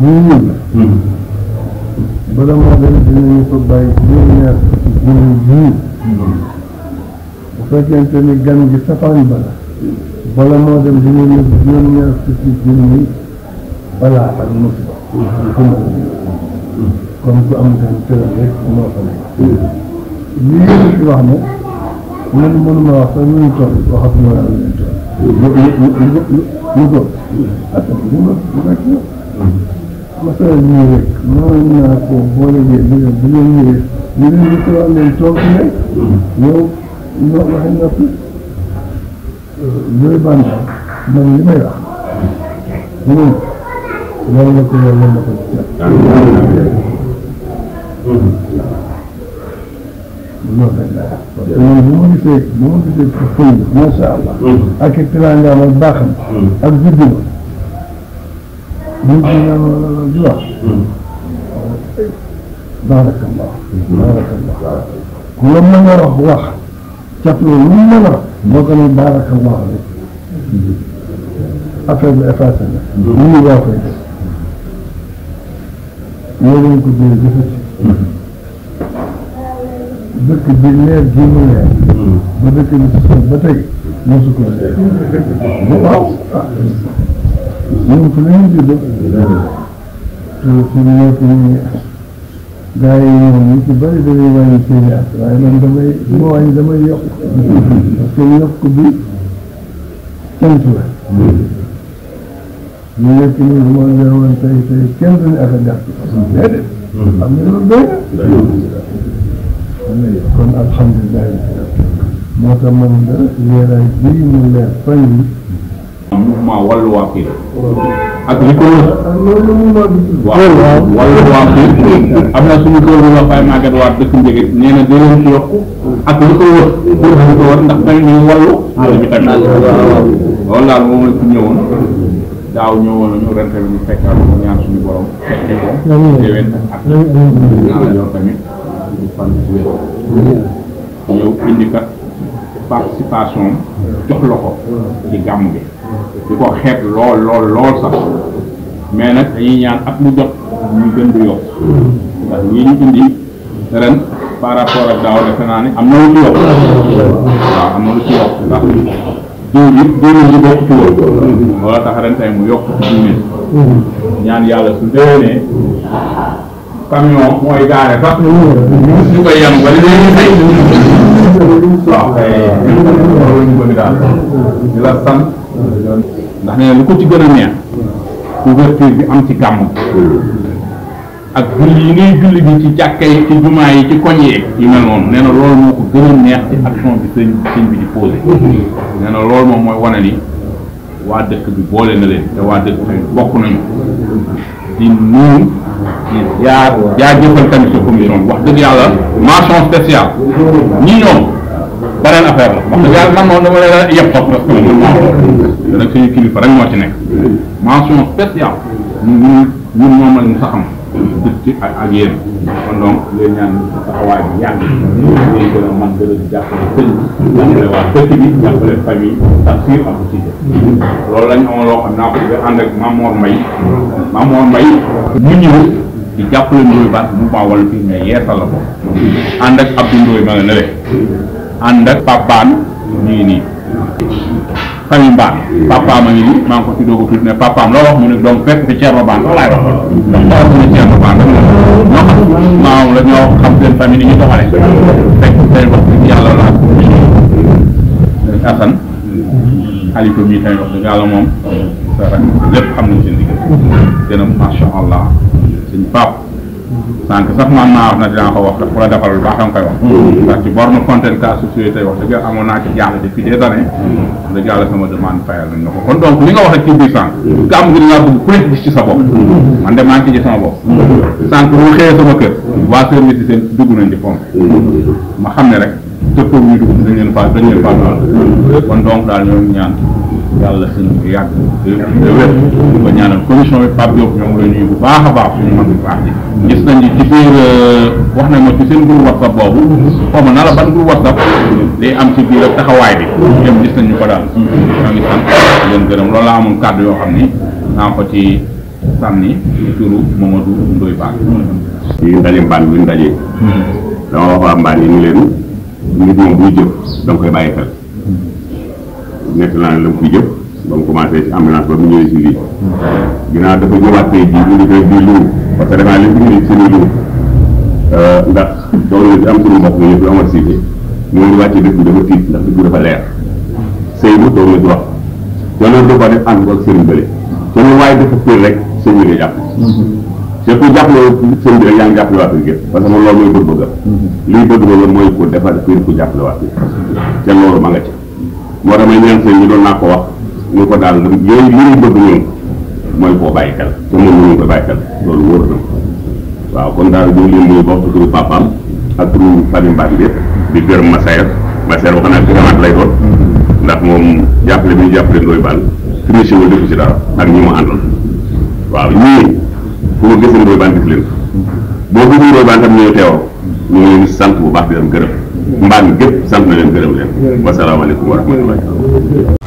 bu ñu ñëw. Hmm. bala maa dem dinañu ko bàyyi juróom ñaar fukki junni ji. Hmm. bu fekkente ni gan gi safaan ba la. bala moo dem dinañu juróom ñaar fukki junni balaa ak musiba. comme am gan tëral rek moo fa nekk. lii yéen ci wax wax sax ñu ngi toll waxat ma la ñu toll. lu lu lu lu lu ko. affaire bi ñu rek mënoon naa ko boole bi nga bu ñu ñëwee ñu ne ñu tubaab leen toog ne yow ñoo waxee noppi looy bànn man li may wax moom loolu la ko loolu la ko jàpp loolu bu ma gisee bu ma gisee ko fëy masha Allah mm-hmm. ak teraangaam mm-hmm. ak baaxam ak juddu ñun ñu ñaan di wax. baarakallah. baarakallah. ku la mën a wax wax cat loolu lu mën a boo ko nee baarakallah rek affaire bi effacé na. ñu ngi yaa koy def. ñoo leen ko jëlee jëfandikoo. dëkk bi leer gi mu leer. ba dëkk bi ba tey mosu ko leer. waaw. ñoom ku leen di def te suñu nekk nii gaa yi ñoom ñu ci bëri dañuy wàññi seen i at waaye man damay li ma wàññi damay bi cant la ñu nekk nii bu ma leen woon tey tey kenn duñu ak a gàtt déedéet am na loolu doy kon alhamdulilah moo tax man da leeraay bii mu leer fan mouvement wàllu waa Pire ak li ko wër waaw wàllu waa Pire am na suñu kër bu la fay màggat waa dëkk njëge nee na ci yokk ak li ko wër pour li ko wër ndax tamit ñu wàllu àll moom la fi ñëwoon daaw ñëwoon nañu ren tamit ñu fekkaat ñu ñaan suñu borom déwén ak ñaan yor tamit fan ñëw indi participation jox la ko ci gàmm di ko xeet lool lool lool sax mais nag dañuy ñaan at mu jot ñu gën yokk ndax ñii ñu indi ren par rapport ak daaw defe naa am na lu ci yokk waaw am na lu ci yokk ndax jiw yi jiw yi bokk ci woon loola tax ren tey mu yokk ci ñaan yàlla su déwénee camion mooy gaare sax ñu koy yem ba li ñu fay waaw ndax nee lu ko ci gën a neex ouverture bi am ci gàmm ak julli yi ngay julli bi ci jàkka yi ci jumaa yi ci koñ yeeg mel noonu nee loolu moo ko gën a neex ci action bi sëñ sëñ bi di posé nee loolu moom mooy wane ni waa dëkk bi boole na leen te waa dëkk bi bokk nañu di nuyu di jaar jaajëfal tamit sa commission wax dëgg yàlla mention spéciale ñi ñoom beneen affaire la wax dëgg yàlla man moom dama leen a yeb toog parce que man maa loolu nag suñu kilifa rek moo ci nekk mention spéciale ñun ñun moom la ñu sa xam dëkk ak ak yéen kon donc leen ñaan taxawaay bi yàgg ñuy gën a man gën a jàppale sëñ jàppale waa dëkk bi jàppale famille tax siir am ci loolu lañ amoon loo xam naa ko di ànd ak Mamour Mbaye Mamour Mbaye mu ñëw di jàppale Ndoye Bane mu bawal fii mais yeesal la ko ànd ak Abdou Ndoye ma nga ne ànd ak papaan ñu ngi nii famille Mbaan papaam a ngi nii maa ngi ko tuddoo ko tudd ne papaam loo mu ne donc fekk fi Thierno Bane loolu laay wax ndax loo wax mu ne Thierno Bane rek la ñoo xam maam la ñoo xam seen famille ni ñu doxale fekk tey wax dëgg yàlla la ak Assane Aliou mii tamit wax dëgg yàlla moom lépp xam nañ seen liggéey gën allah suñ pap sànq sax man naa wax na dinaa ko wax daf ko la defal lu baax danga koy wax mm. ndax ci borne fontaine cas société tey wax dëgg yàlla amoon naa ci jaaxle depuis des années mm. dëgg yàlla sama demande fayal nañ ma ko kon donc li nga wax rek ci biir sànq mm. gàmm gi dangaa bëgg ku nekk sa bopp man de maa ngi ci sama bopp sànq bu xëyee sama kër waa service yi seen dugg nañ ci pompe ma xam ne rek dëppoo ñu dugg dañ leen faa dañ leen faa kon donc daal ñoo ñaan yàlla seen bu yàgg de wér ba ñaanal commission bi Pape Diop ñoom la ñuy bu baax a baax suñu mag bu baax ji gis nañ ni ci euh, wax nañ ma ci seen groupe whatsapp boobu xaw ma na la ban groupe whatsapp day am ci biir ak taxawaay bi dem gis nañ ñu ko yoo xam ni ci sànni ndaje mbaan bi ndaje dama wax waa mbaan yi ni leen nit moom buy jëf danga koy bàyyi xel nekk naa ne la mu fi jëf ba mu commencé si ambulance ba mu ñëwee si lii ginnaaw dafa ñëwaat tey jii ñu ngi koy parce que euh, bi dafa tiit ndax dëkk bi dafa leer Seydou doon na ci wax coono doo def ànd ko ak sëriñ bële coono waaye dafa piir rek sëñ bi nga jàpp te ku jàppaloo sëñ bi rek yaa ngi jàppale waa kër parce que moom loolu mooy bëgg-bëggam liy bëgg-bëggam mooy ku defar kër ku jàppale waa kër loolu ma moo damay ñaan seen ñu doon naa ko wax ñu ko daal yooyu li ñu bëgg ñoom mooy koo bàyyi xel te moom ñu ko bàyyi xel loolu wóor na waaw kon daal boo leen muy bokk turu papaam ak turu Fadi Mbacke bi di gërëm Massaer Massaer wax naa gërëmaat lay doon ndax moom jàppale bi ñu jàppale Ndoye Bane triché wul defu ci dara ak ñi ma àndoon waaw ñii fu ma gisee Ndoye Bane gis boo ko wóoree ba nga xam ne ñoo teewoo ñu ngi leen di sant bu baax di leen gërëm mbaam gépp sant na leen gërëm leen wasalaamaaleykum wa rahmatulah.